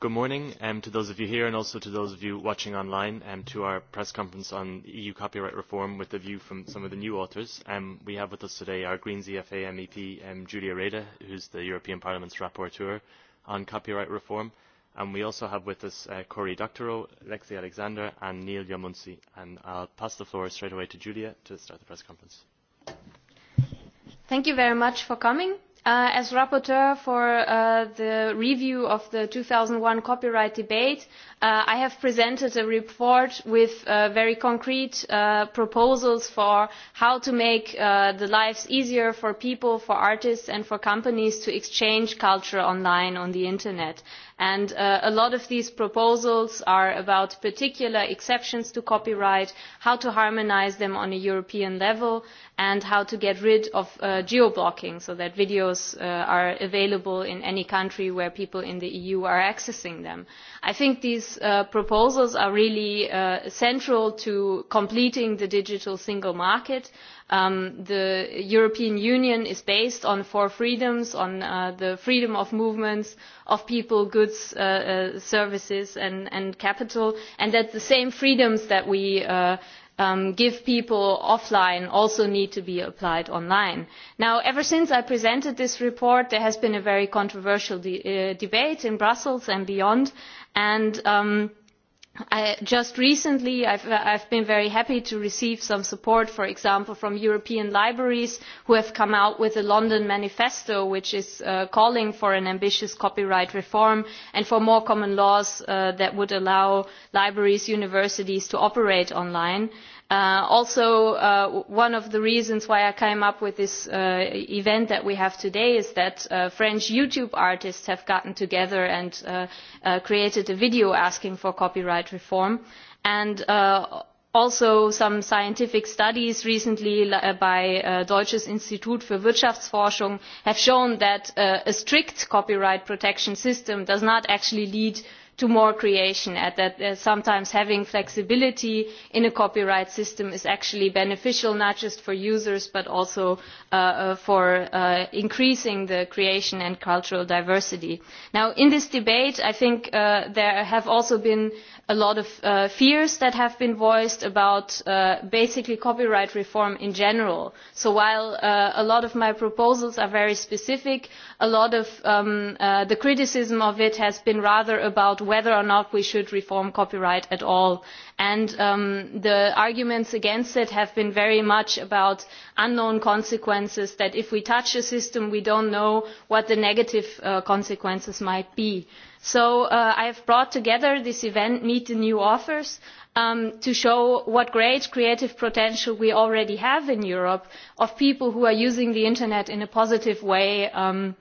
Good morning um, to those of you here and also to those of you watching online um, to our press conference on EU copyright reform with a view from some of the new authors. Um, we have with us today our Greens EFA MEP um, Julia Reda, who's the European Parliament's rapporteur on copyright reform. And we also have with us uh, Cory Doctorow, Lexi Alexander and Neil Yamunsi. And I'll pass the floor straight away to Julia to start the press conference. Thank you very much for coming as rapporteur for the review of the two thousand one copyright debate, I I have presented a report with very concrete proposals for how to make the lives easier for people, for artists and for companies to exchange culture online on the internet. And a lot of these proposals are about particular exceptions to copyright, how to harmonise them on a European level, and how to get rid of geo-blocking so that videos are available in any country where people in the EU are accessing them. I think these these proposals are really central to completing the digital single market. the European Union is based on four freedoms, on the freedom of movements of people, goods, services, and, capital, and that the same freedoms that we give people offline also need to be applied online. Now, ever since I presented this report, there has been a very controversial debate in Brussels and beyond and um, I, just recently I've, have been very happy to receive some support, for example, from European libraries who have come out with a London manifesto which is uh, calling for an ambitious copyright reform and for more common laws uh, that would allow libraries, and universities to operate online also one of the reasons why i came up with this event that we have today is that french youtube artists have gotten together and created a video asking for copyright reform and also some scientific studies recently by deutsches institut für wirtschaftsforschung have shown that a strict copyright protection system does not actually lead to more creation and that sometimes having flexibility in a copyright system is actually beneficial not just for users but also for increasing the creation and cultural diversity. in this debate i think there have also been a lot of fears that have been voiced about basically copyright reform in general. So while a lot of my proposals are very specific, a lot of the criticism of it has been rather about whether or not we should reform copyright at all. And the arguments against it have been very much about unknown consequences, that if we touch a system, we do not know what the negative consequences might be So uh, I have brought together this event, Meet the New Authors, um, to show what great creative potential we already have in Europe of people who are using the internet in a positive way um,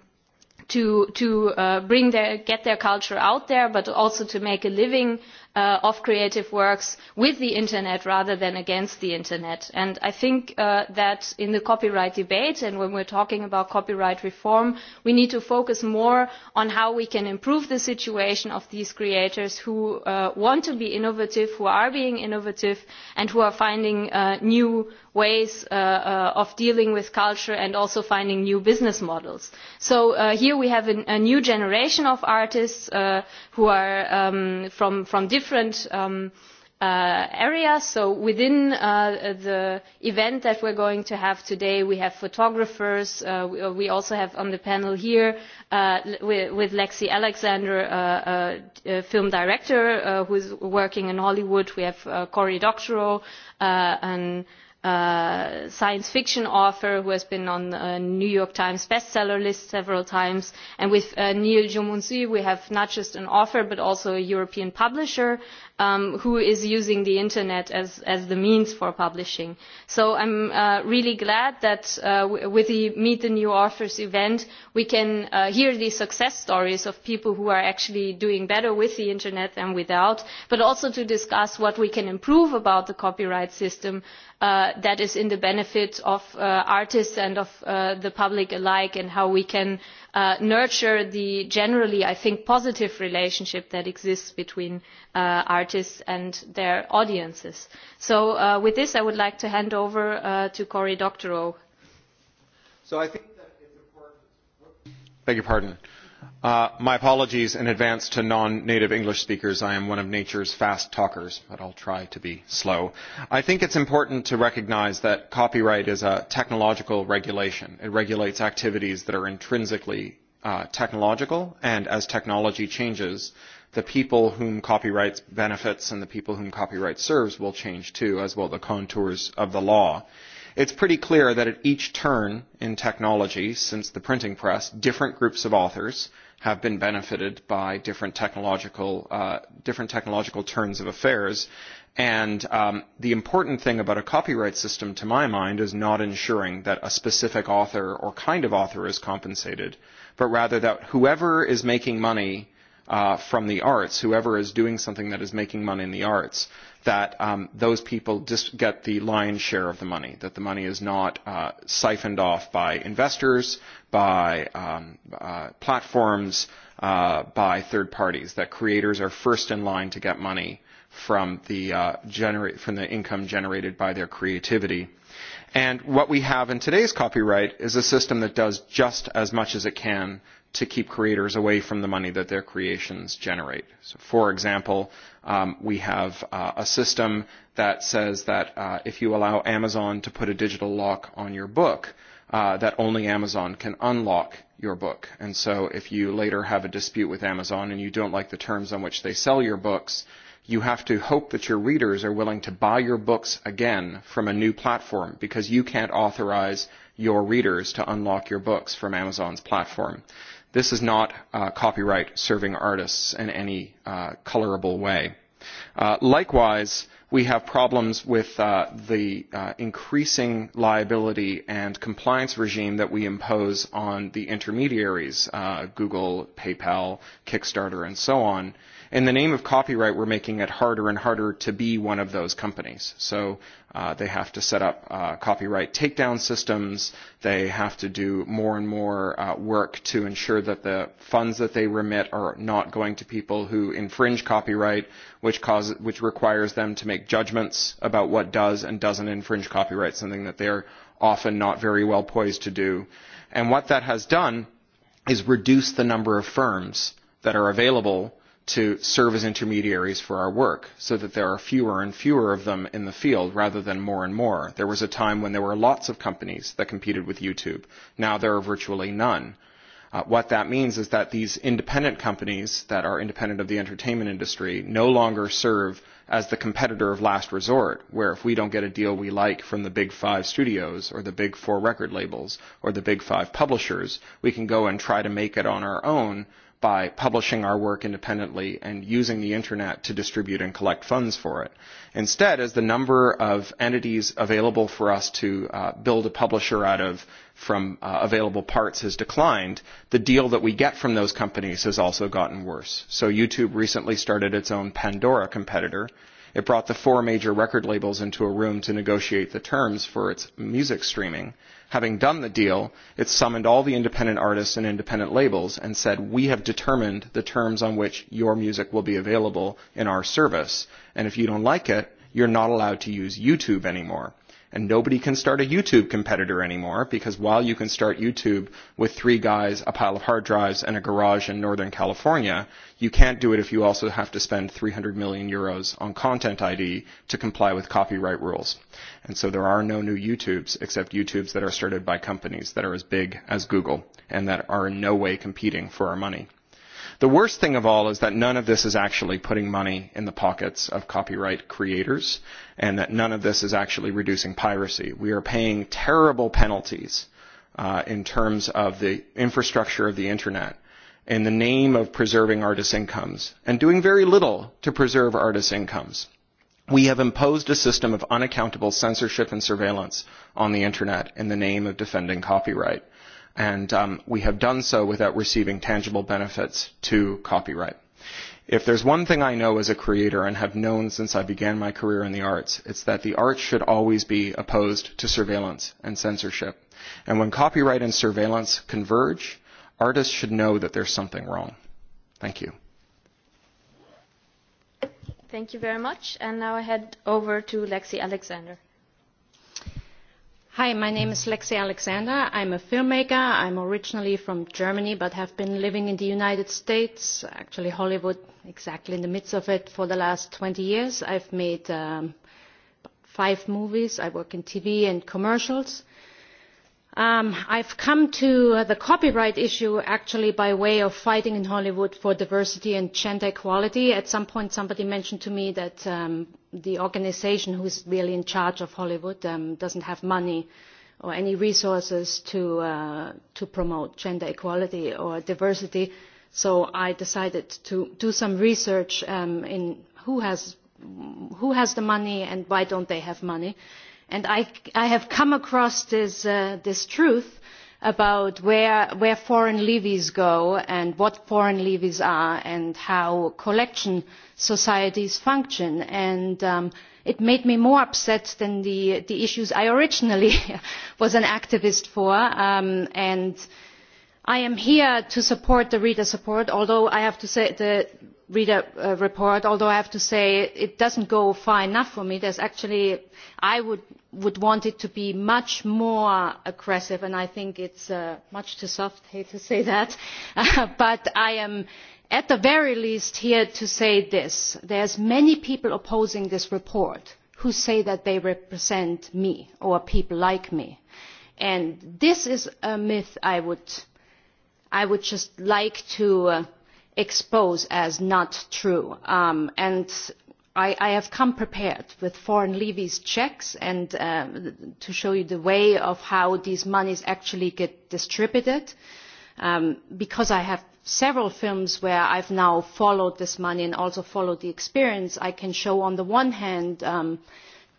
to, to uh, bring their, get their culture out there, but also to make a living of creative works with the internet rather than against the internet. And I think that in the copyright debate and when we are talking about copyright reform, we need to focus more on how we can improve the situation of these creators who want to be innovative, who are being innovative, and who are finding new ways of dealing with culture and also finding new business models. So here we have a new generation of artists who are from different areas. So within the event that we are going to have today, we have photographers. we also have on the panel here with Lexi Alexander, a film director who is working in Hollywood. We have Cory Doctorow, an a science fiction author who has been on the New York Times bestseller list several times. And with uh, Neil Jomunsi, we have not just an author, but also a European publisher um, who is using the internet as, as the means for publishing. So I'm uh, really glad that uh, with the Meet the New Authors event, we can uh, hear the success stories of people who are actually doing better with the internet than without, but also to discuss what we can improve about the copyright system uh, that is in the benefit of uh, artists and of uh, the public alike and how we can nurture the generally, I think, positive relationship that exists between uh, artists and their audiences. So uh, with this, I would like to hand over uh, to Cory Doctorow. So I think that it's important. Beg your pardon. Uh, my apologies in advance to non-native English speakers. I am one of nature's fast talkers, but I'll try to be slow. I think it's important to recognize that copyright is a technological regulation. It regulates activities that are intrinsically uh, technological, and as technology changes, uh, the people whom copyright benefits and the people whom copyright serves will change too, as will the contours of the law. It's pretty clear that at each turn in technology since the printing press, different groups of authors have been benefited by different technological, uh, different technological turns of affairs. And um, the important thing about a copyright system, to my mind, is not ensuring that a specific author or kind of author is compensated, but rather that whoever is making money uh, from the arts, whoever is doing something that is making money in the arts, that um, those people just get the lion's share of the money, that the money is not uh, siphoned off by investors, by um, uh, platforms, uh, by third parties, that creators are first in line to get money from the, uh, genera- from the income generated by their creativity. And what we have in today's copyright is a system that does just as much as it can to keep creators away from the money that their creations generate. So, for example, um, we have uh, a system that says that uh, if you allow Amazon to put a digital lock on your book, uh, that only Amazon can unlock your book. And so, if you later have a dispute with Amazon and you don't like the terms on which they sell your books, you have to hope that your readers are willing to buy your books again from a new platform because you can't authorize your readers to unlock your books from Amazon's platform. This is not uh, copyright serving artists in any uh, colorable way. Uh, likewise, we have problems with uh, the uh, increasing liability and compliance regime that we impose on the intermediaries, uh, Google, PayPal, Kickstarter, and so on, uh, in the name of copyright, we're making it harder and harder to be one of those companies. So uh, they have to set up uh, copyright takedown systems. They have to do more and more uh, work to ensure that the funds that they remit are not going to people who infringe copyright, which causes, which requires them to make judgments about what does and doesn't infringe copyright, something that they're often not very well poised to do. And what that has done is reduce the number of firms that are available to serve as intermediaries for our work so that there are fewer and fewer of them in the field rather than more and more. There was a time when there were lots of companies that competed with YouTube. Now there are virtually none. Uh, what that means is that these independent companies that are independent of the entertainment industry no longer serve as the competitor of last resort, where if we don't get a deal we like from the big five studios or the big four record labels or the big five publishers, we can go and try to make it on our own by publishing our work independently and using the internet to distribute and collect funds for it. Instead, as the number of entities available for us to uh, build a publisher out of from uh, available parts has declined, the deal that we get from those companies has also gotten worse. So YouTube recently started its own Pandora competitor, It brought the four major record labels into a room to negotiate the terms for its music streaming. Having done the deal, it summoned all the independent artists and independent labels and said, we have determined the terms on which your music will be available in our service. And if you don't like it, you're not allowed to use YouTube anymore And nobody can start a YouTube competitor anymore because while you can start YouTube with three guys, a pile of hard drives, and a garage in Northern California, you can't do it if you also have to spend 300 million euros on content ID to comply with copyright rules. And so there are no new YouTubes except YouTubes that are started by companies that are as big as Google and that are in no way competing for our money. The worst thing of all is that none of this is actually putting money in the pockets of copyright creators and that none of this is actually reducing piracy. We are paying terrible penalties uh, in terms of the infrastructure of the internet in the name of preserving artists' incomes and doing very little to preserve artists' incomes. We have imposed a system of unaccountable censorship and surveillance on the internet in the name of defending copyright and um, we have done so without receiving tangible benefits to copyright. If there's one thing I know as a creator and have known since I began my career in the arts, it's that the arts should always be opposed to surveillance and censorship. And when copyright and surveillance converge, artists should know that there's something wrong. Thank you. Thank you very much. And now I head over to Lexi Alexander. Hi, my name is Lexi Alexander. I'm a filmmaker. I'm originally from Germany, but have been living in the United States, actually Hollywood, exactly in the midst of it, for the last 20 years. I've made um, five movies. I work in TV and commercials. Uh, I have come to the copyright issue actually by way of fighting in Hollywood for diversity and gender equality. At some point, somebody mentioned to me that the organisation who is really in charge of Hollywood um, doesn't have money or any resources to, uh, to promote gender equality or diversity. So I decided to do some research um, in who has, who has the money and why don't they have money And I, I have come across this, uh, this truth about where, where foreign levies go and what foreign levies are and how collection societies function. And um, it made me more upset than the, the issues I originally was an activist for. Um, and I am here to support the reader support, although I have to say the read a, report, although I have to say it doesn't go far enough for me. There's actually, I would, would want it to be much more aggressive, and I think it's uh, much too soft, hate to say that. but I am at the very least here to say this. There's many people opposing this report who say that they represent me or people like me. And this is a myth I would, I would just like to expose as not true. and I, I have come prepared with foreign levies checks and to show you the way of how these monies actually get distributed because I have several films where I have now followed this money and also followed the experience, I can show on the one hand,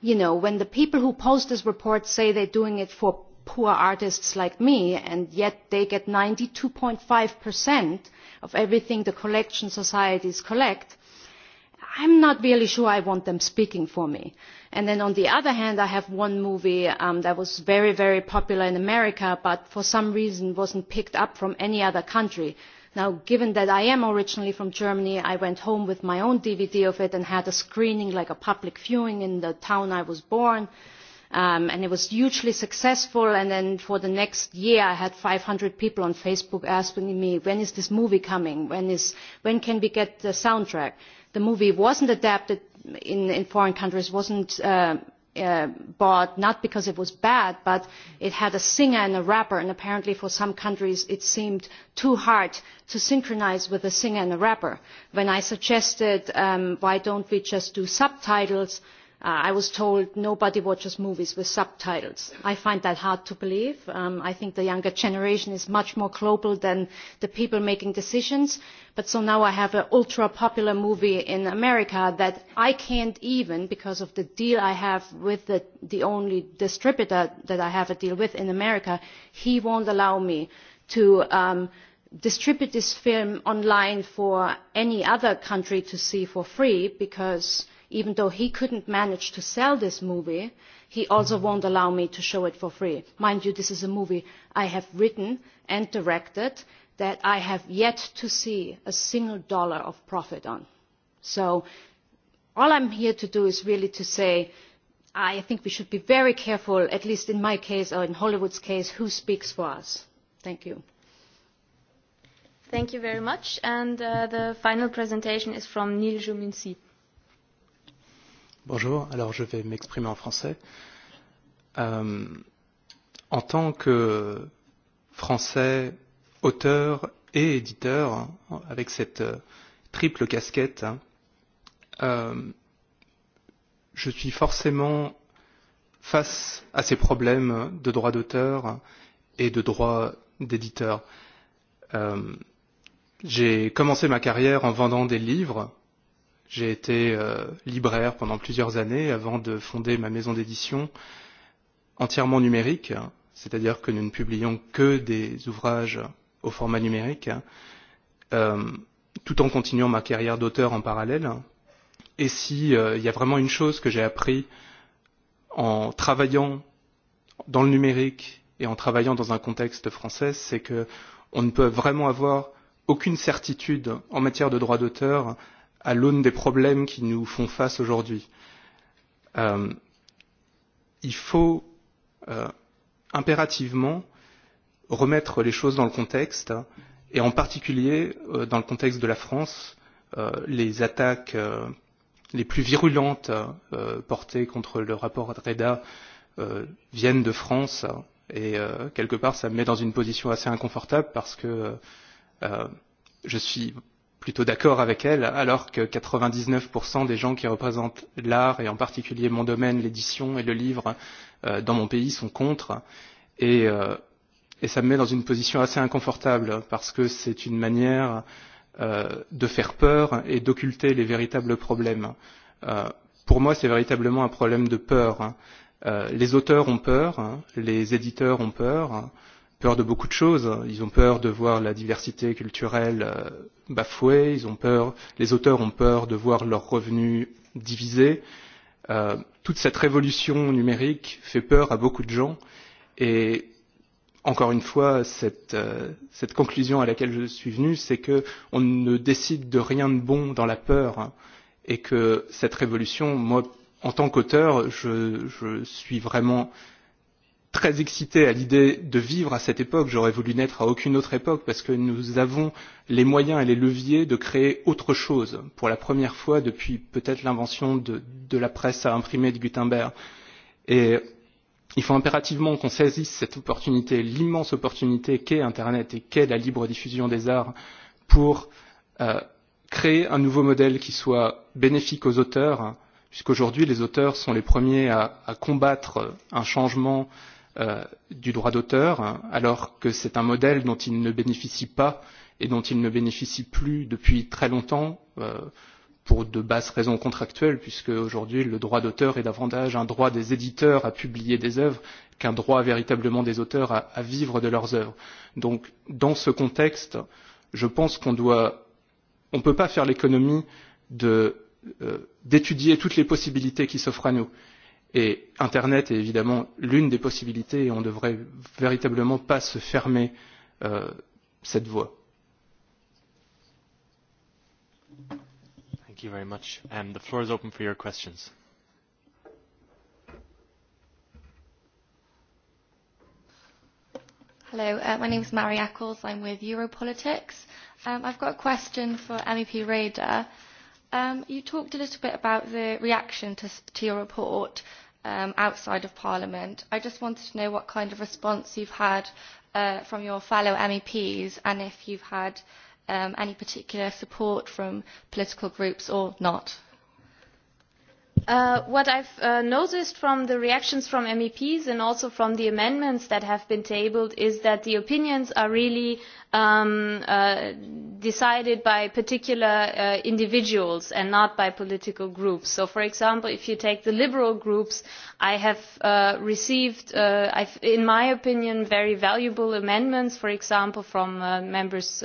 when the people who post this report say they are doing it for poor artists like me, and yet they get ninety two 92.5% of everything the collection societies collect, I'm not really sure I want them speaking for me. And then on the other hand, I have one movie um, that was very, very popular in America, but for some reason wasn't picked up from any other country. Now, given that I am originally from Germany, I went home with my own DVD of it and had a screening, like a public viewing in the town I was born and it was hugely successful. And then for the next year, I had five hundred people on Facebook asking me, when is this movie coming? When, is, when can we get the soundtrack? The movie wasn't adapted in, in foreign countries, wasn't uh, uh, bought, not because it was bad, but it had a singer and a rapper, and apparently for some countries it seemed too hard to synchronize with a singer and a rapper. When I suggested, um, why don't we just do subtitles, I was told nobody watches movies with subtitles. I find that hard to believe. I think the younger generation is much more global than the people making decisions. But so now I have an ultra popular movie in America that I can't even, because of the deal I have with the, the only distributor that I have a deal with in America, he won't allow me to um, distribute this film online for any other country to see for free because – even though he couldn't manage to sell this movie, he also won't allow me to show it for free. Mind you, this is a movie I have written and directed that I have yet to see a single dollar of profit on. So all I'm here to do is really to say I think we should be very careful, at least in my case or in Hollywood's case, who speaks for us. Thank you. Thank you very much. And uh, the final presentation is from Neil Jumincy. Bonjour, alors je vais m'exprimer en français. Euh, en tant que français, auteur et éditeur, avec cette triple casquette, euh, je suis forcément face à ces problèmes de droit d'auteur et de droit d'éditeur. Euh, J'ai commencé ma carrière en vendant des livres J'ai été euh, libraire pendant plusieurs années avant de fonder ma maison d'édition entièrement numérique, c'est-à-dire que nous ne publions que des ouvrages au format numérique, euh, tout en continuant ma carrière d'auteur en parallèle. Et si euh, y a vraiment une chose que j'ai appris en travaillant dans le numérique et en travaillant dans un contexte français, c'est que ne peut vraiment avoir aucune certitude en matière de droit d'auteur à l'aune des problèmes qui nous font face aujourd'hui. Euh, il faut euh, impérativement remettre les choses dans le contexte, et en particulier euh, dans le contexte de la France, euh, les attaques euh, les plus virulentes euh, portées contre le rapport Reda euh, viennent de France, et euh, quelque part ça me met dans une position assez inconfortable parce que euh, je suis plutôt d'accord avec elle, alors que 99% des gens qui représentent l'art, et en particulier mon domaine, l'édition et le livre, euh, dans mon pays sont contre. Et, euh, et ça me met dans une position assez inconfortable, parce que c'est une manière euh, de faire peur et d'occulter les véritables problèmes. Euh, pour moi, c'est véritablement un problème de peur. Euh, les auteurs ont peur, les éditeurs ont peur, peur de beaucoup de choses. Ils ont peur de voir la diversité culturelle euh, bafouée. Ils ont peur, les auteurs ont peur de voir leurs revenus divisés. Euh, toute cette révolution numérique fait peur à beaucoup de gens. Et encore une fois, cette, euh, cette conclusion à laquelle je suis venu, c'est que on ne décide de rien de bon dans la peur, hein, et que cette révolution, moi, en tant qu'auteur, je, je suis vraiment euh, très excité à l'idée de vivre à cette époque. J'aurais voulu naître à aucune autre époque parce que nous avons les moyens et les leviers de créer autre chose pour la première fois depuis peut-être l'invention de, de la presse à imprimer de Gutenberg. Et il faut impérativement qu'on saisisse cette opportunité, l'immense opportunité qu'est Internet et qu'est la libre diffusion des arts pour euh, créer un nouveau modèle qui soit bénéfique aux auteurs, puisqu'aujourd'hui les auteurs sont les premiers à, à combattre un changement euh, du droit d'auteur, alors que c'est un modèle dont il ne bénéficie pas et dont il ne bénéficie plus depuis très longtemps pour de basses raisons contractuelles, puisque aujourd'hui le droit d'auteur est davantage un droit des éditeurs à publier des œuvres qu'un droit véritablement des auteurs à, à vivre de leurs œuvres. Donc, dans ce contexte, je pense qu'on doit, on ne peut pas faire l'économie euh, d'étudier toutes les possibilités qui s'offrent à nous. Et Internet est évidemment l'une des possibilités et on ne devrait véritablement pas se fermer euh, cette voie. Thank you very much. Um, the floor is open for your questions. Hello, uh, my name is Mary Eccles. I'm with Europolitics. Um, I've got a question for MEP Rader Um, you talked a little bit about the reaction to, to your report um, outside of Parliament. I just wanted to know what kind of response you've had uh, from your fellow MEPs and if you've had um, any particular support from political groups or not. Uh, what I've uh, noticed from the reactions from MEPs and also from the amendments that have been tabled is that the opinions are really um, uh, decided by particular individuals and not by political groups. so for example if you take the liberal groups i have received in my opinion very valuable amendments for example from members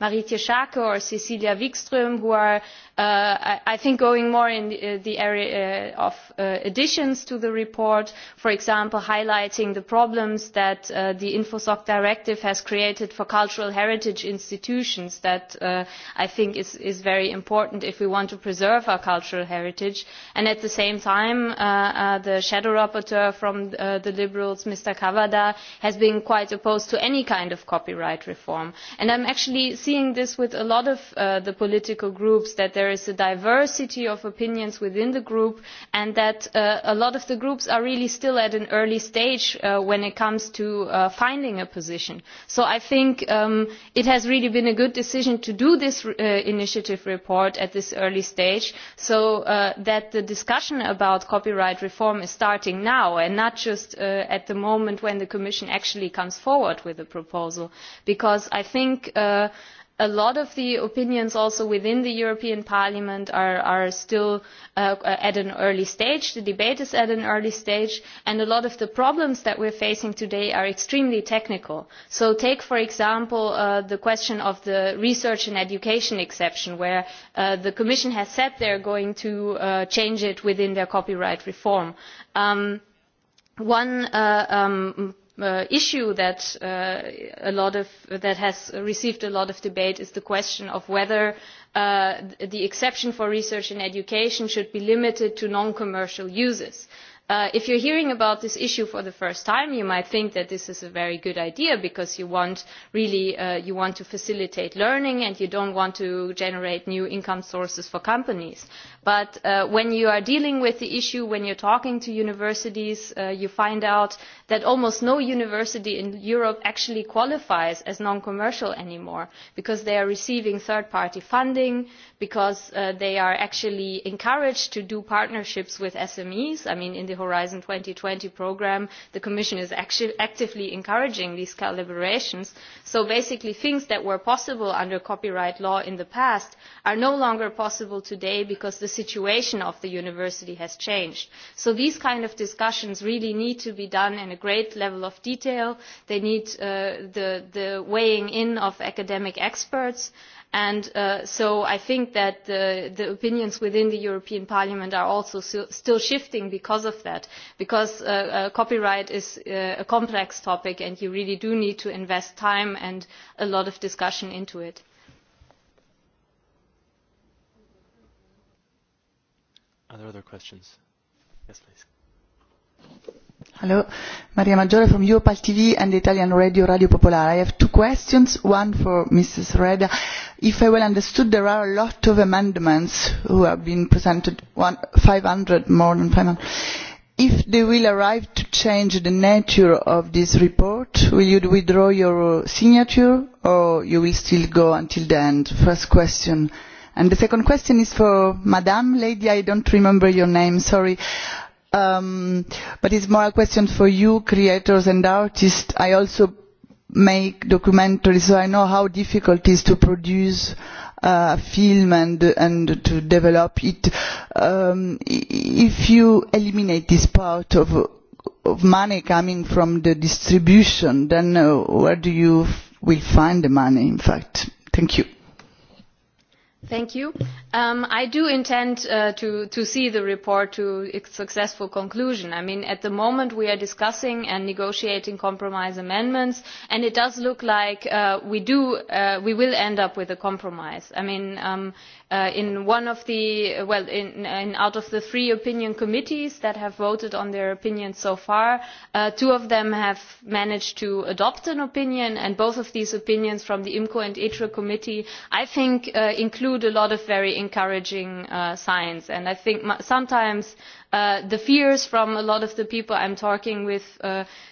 marietje schaake or cecilia wikstrm who are i think going more in the area of additions to the report for example highlighting the problems that the infosoc directive has created for cultural heritage institutions that I think is, is very important if we want to preserve our cultural heritage. And at the same time, the shadow rapporteur from the Liberals, Mr. Kavada, has been quite opposed to any kind of copyright reform. And I'm actually seeing this with a lot of the political groups, that there is a diversity of opinions within the group and that a lot of the groups are really still at an early stage when it comes to finding a position. So I think it has really been a good decision decision to do this initiative report at this early stage so that the discussion about copyright reform is starting now and not just at the moment when the commission actually comes forward with a proposal because i think a lot of the opinions also within the European Parliament are, are still at an early stage. The debate is at an early stage, and a lot of the problems that we are facing today are extremely technical. So take, for example, the question of the research and education exception, where the Commission has said they are going to change it within their copyright reform. one issue that uh, a lot of that has received a lot of debate is the question of whether uh, the exception for research and education should be limited to non-commercial uses. Uh, if you're hearing about this issue for the first time, you might think that this is a very good idea because you want really uh, you want to facilitate learning and you don't want to generate new income sources for companies But when you are dealing with the issue, when you are talking to universities, you find out that almost no university in Europe actually qualifies as non-commercial anymore because they are receiving third-party funding, because they are actually encouraged to do partnerships with SMEs. I mean, in the Horizon twenty programme, the Commission is actually actively encouraging these collaborations. So basically, things that were possible under copyright law in the past are no longer possible today because the situation of the university has changed. So these kind of discussions really need to be done in a great level of detail. They need the, the weighing in of academic experts. And so I think that the, the opinions within the European Parliament are also still shifting because of that, because copyright is a complex topic and you really do need to invest time and a lot of discussion into it. Are there other questions? Yes, please. Hello, Maria Maggiore from Europal TV and Italian radio Radio Popolare. I have two questions, one for Mrs. Reda. If I well understood, there are a lot of amendments who have been presented, one, 500, more than 500. If they will arrive to change the nature of this report, will you withdraw your signature or you will still go until the end? First question. Uh, And the second question is for Madame Lady, I don't remember your name, sorry. Um, but it's more a question for you, creators and artists. I also make documentaries, so I know how difficult it is to produce a film and, and to develop it. Um, if you eliminate this part of, of money coming from the distribution, then uh, where do you will find the money, in fact? Thank you. Thank you. Um, I do intend uh, to, to see the report to its successful conclusion. I mean, at the moment we are discussing and negotiating compromise amendments, and it does look like uh, we do uh, we will end up with a compromise. I mean. Um, in one of the well in, in out of the three opinion committees that have voted on their opinions so far two of them have managed to adopt an opinion and both of these opinions from the imco and itre committee i think include a lot of very encouraging signs. and i think sometimes the fears from a lot of the people I am talking with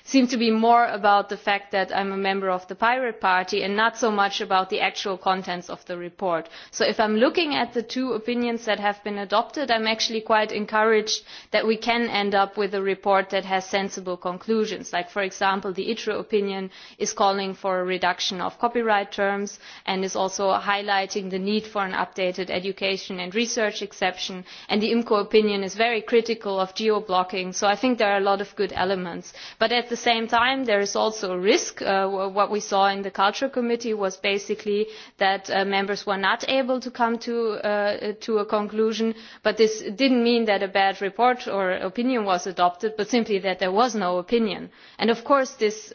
seem to be more about the fact that I am a member of the Pirate Party and not so much about the actual contents of the report. So if I'm looking at the two opinions that have been adopted, I am actually quite encouraged that we can end up with a report that has sensible conclusions. Like, for example, the ITRE opinion is calling for a reduction of copyright terms and is also highlighting the need for an updated education and research exception. And the IMCO opinion is very critical critical of geo blocking so i think there are a lot of good elements but at the same time there is also a risk what we saw in the culture committee was basically that members were not able to come to a conclusion but this did not mean that a bad report or opinion was adopted but simply that there was no opinion and of course this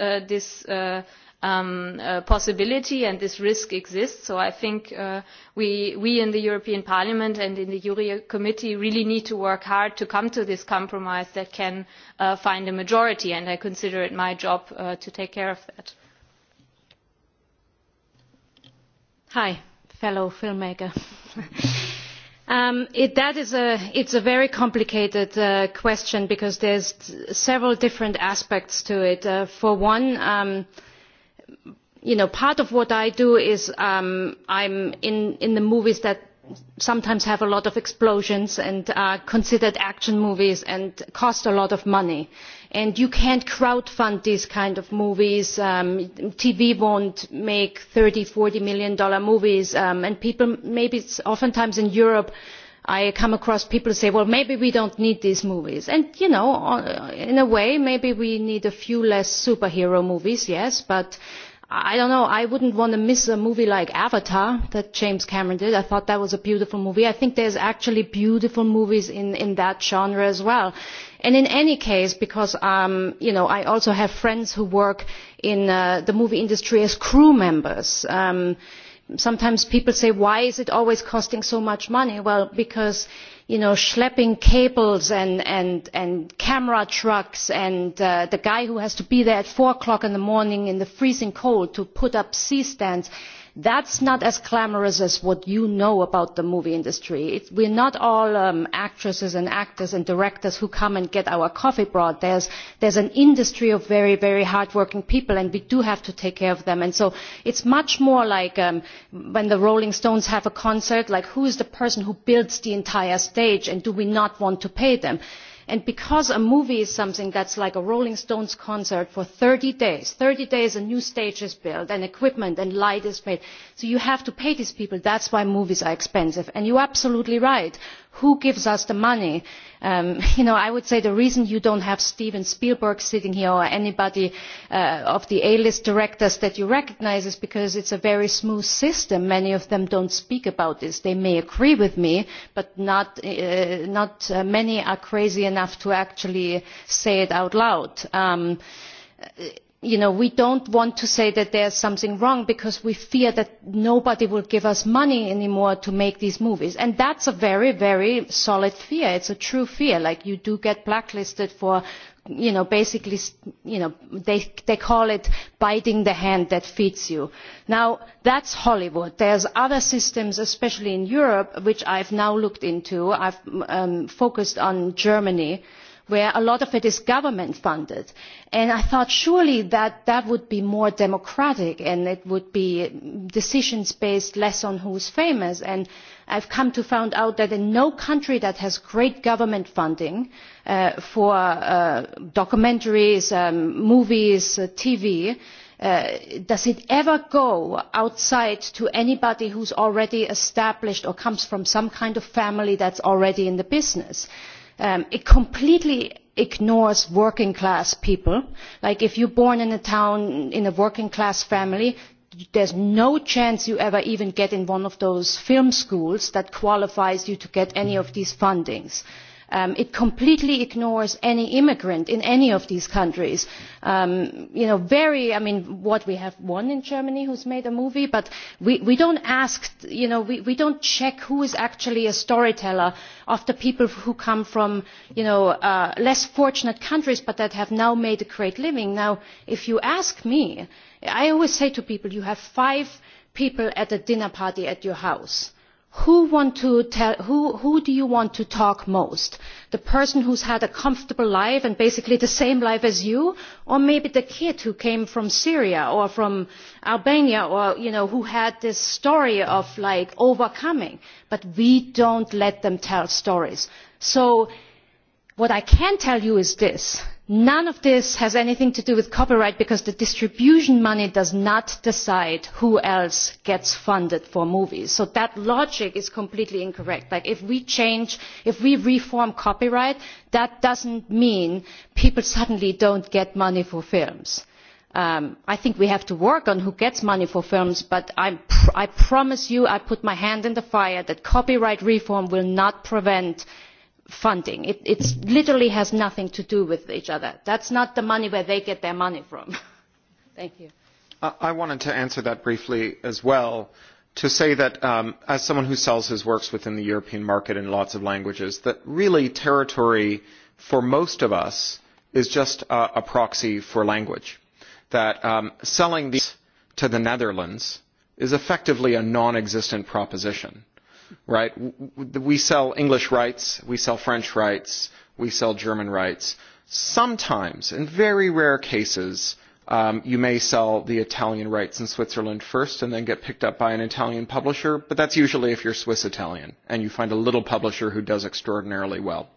possibility and this risk exists so i think we in the european parliament and in the juri committee really need to work hard to come to this compromise that can find a majority and i consider it my job to take care of that. hi fellow filmmaker that is a, very complicated question because there are several different aspects to it. for one, you know, part of what I do is um, I'm in, in the movies that sometimes have a lot of explosions and are considered action movies and cost a lot of money. And you can't crowdfund these kind of movies. Um, TV won't make 30, 40 million dollar movies. Um, and people, maybe it's oftentimes in Europe, I come across people who say, well, maybe we don't need these movies. And, you know, in a way, maybe we need a few less superhero movies, yes, but I don't know, I wouldn't want to miss a movie like Avatar that James Cameron did. I thought that was a beautiful movie. I think there's actually beautiful movies in, in that genre as well. And in any case, because um, you know, I also have friends who work in uh, the movie industry as crew members. Um, sometimes people say why is it always costing so much money? well because you know schlepping cables and, and, and camera trucks and the guy who has to be there at four o'clock in the morning in the freezing cold to put up c stands that is not as glamorous as what you know about the movie industry. we are not all actresses and actors and directors who come and get our coffee brought. there is an industry of very very hard working people and we do have to take care of them. so it is much more like when the rolling stones have a concert who is the person who builds the entire stage and do we not want to pay them? and because a movie is something that is like a rolling stones concert for thirty days thirty days a new stage is built and equipment and light is made, so you have to pay these people that is why movies are expensive and you are absolutely right that who gives us the money? I would say the reason you don't have Steven Spielberg sitting here or anybody of the A-list directors that you recognise is because it's a very smooth system. Many of them don't speak about this. They may agree with me, but not, many are crazy enough to actually say it out loud you know, we don't want to say that there's something wrong because we fear that nobody will give us money anymore to make these movies. And that's a very, very solid fear. It's a true fear. Like you do get blacklisted for, you know, basically, you know, they, they call it biting the hand that feeds you. Now, that's Hollywood. There's other systems, especially in Europe, which I've now looked into. I've um, focused on Germany where a lot of it is government funded. And I thought surely that that would be more democratic and it would be decisions based less on who is famous. And I've come to find out that in no country that has great government funding for documentaries, movies, TV, does it ever go outside to anybody who is already established or comes from some kind of family that is already in the business? it completely ignores working class people. Like if are born in a town in a working class family, there is no chance you ever even get in one of those film schools that qualifies you to get any of these fundings it completely ignores any immigrant in any of these countries. very, I mean, what we have one in Germany who's made a movie, but we, we don't ask, you know, we, we don't check who is actually a storyteller of the people who come from, you know, uh, less fortunate countries, but that have now made a great living. Now, if you ask me, I always say to people, you have five people at a dinner party at your house who want to tell who who do you want to talk most the person who's had a comfortable life and basically the same life as you or maybe the kid who came from syria or from albania or you know who had this story of like overcoming but we don't let them tell stories so what i can tell you is this none of this has anything to do with copyright because the distribution money does not decide who else gets funded for movies so that logic is completely incorrect. if we change if we reform copyright that does not mean people suddenly do not get money for films. i think we have to work on who gets money for films but i promise you i put my hand in the fire that copyright reform will not prevent funding. It it's literally has nothing to do with each other. That's not the money where they get their money from. Thank you. I wanted to answer that briefly as well to say that um, as someone who sells his works within the European market in lots of languages, that really territory for most of us is just a a proxy for language. That um, selling these to the Netherlands is effectively a non-existent proposition right? We sell English rights, we sell French rights, we sell German rights. Sometimes, in very rare cases, um, you may sell the Italian rights in Switzerland first and then get picked up by an Italian publisher, but that's usually if you're Swiss Italian and you find a little publisher who does extraordinarily well.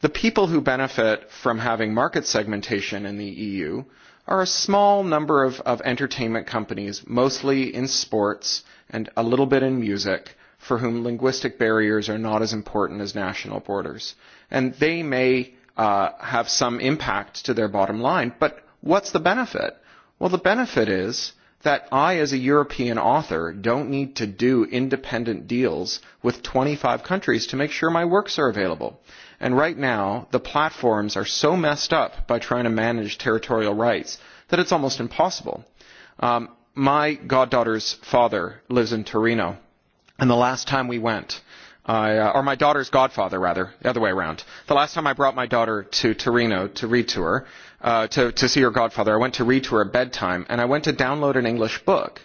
The people who benefit from having market segmentation in the EU are a small number of, of entertainment companies, mostly in sports and a little bit in music, for whom linguistic barriers are not as important as national borders. And they may uh, have some impact to their bottom line, but what's the benefit? Well, the benefit is that I, as a European author, don't need to do independent deals with 25 countries to make sure my works are available. And right now, the platforms are so messed up by trying to manage territorial rights that it's almost impossible. Um, my goddaughter's father lives in Torino and the last time we went I, uh, or my daughter's godfather, rather, the other way around. The last time I brought my daughter to Torino to read to her, uh, to, to see her godfather, I went to read to her at bedtime, and I went to download an English book.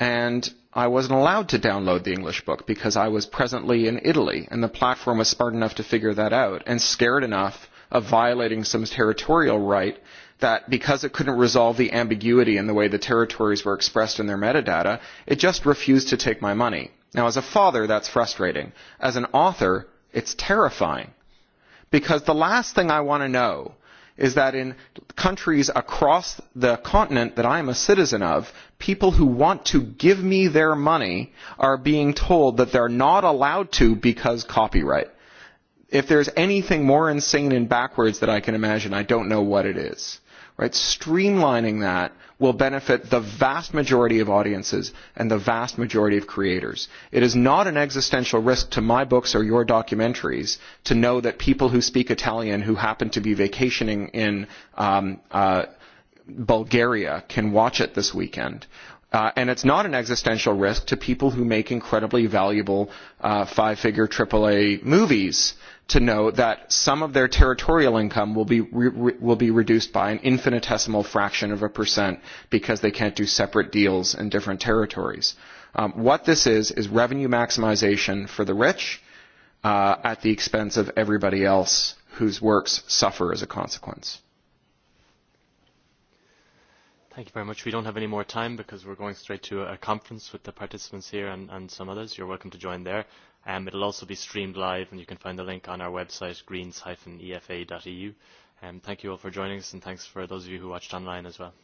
And I wasn't allowed to download the English book because I was presently in Italy, and the platform was smart enough to figure that out, and scared enough of violating some territorial right that because it couldn't resolve the ambiguity in the way the territories were expressed in their metadata, it just refused to take my money Now, as a father, that's frustrating. As an author, it's terrifying. Because the last thing I want to know is that in countries across the continent that I am a citizen of, people who want to give me their money are being told that they're not allowed to because copyright. If there's anything more insane and backwards that I can imagine, I don't know what it is. Right? Streamlining that will benefit the vast majority of audiences and the vast majority of creators. It is not an existential risk to my books or your documentaries to know that people who speak Italian who happen to be vacationing in um, uh, Bulgaria can watch it this weekend Uh, and it's not an existential risk to people who make incredibly valuable uh, five-figure AAA movies to know that some of their territorial income will be re- re- will be reduced by an infinitesimal fraction of a percent because they can't do separate deals in different territories. Um, what this is is revenue maximization for the rich uh, at the expense of everybody else whose works suffer as a consequence. Thank you very much. We don't have any more time because we're going straight to a conference with the participants here and, and some others. You're welcome to join there. Um, it'll also be streamed live, and you can find the link on our website, greens-efa.eu. Um, thank you all for joining us, and thanks for those of you who watched online as well.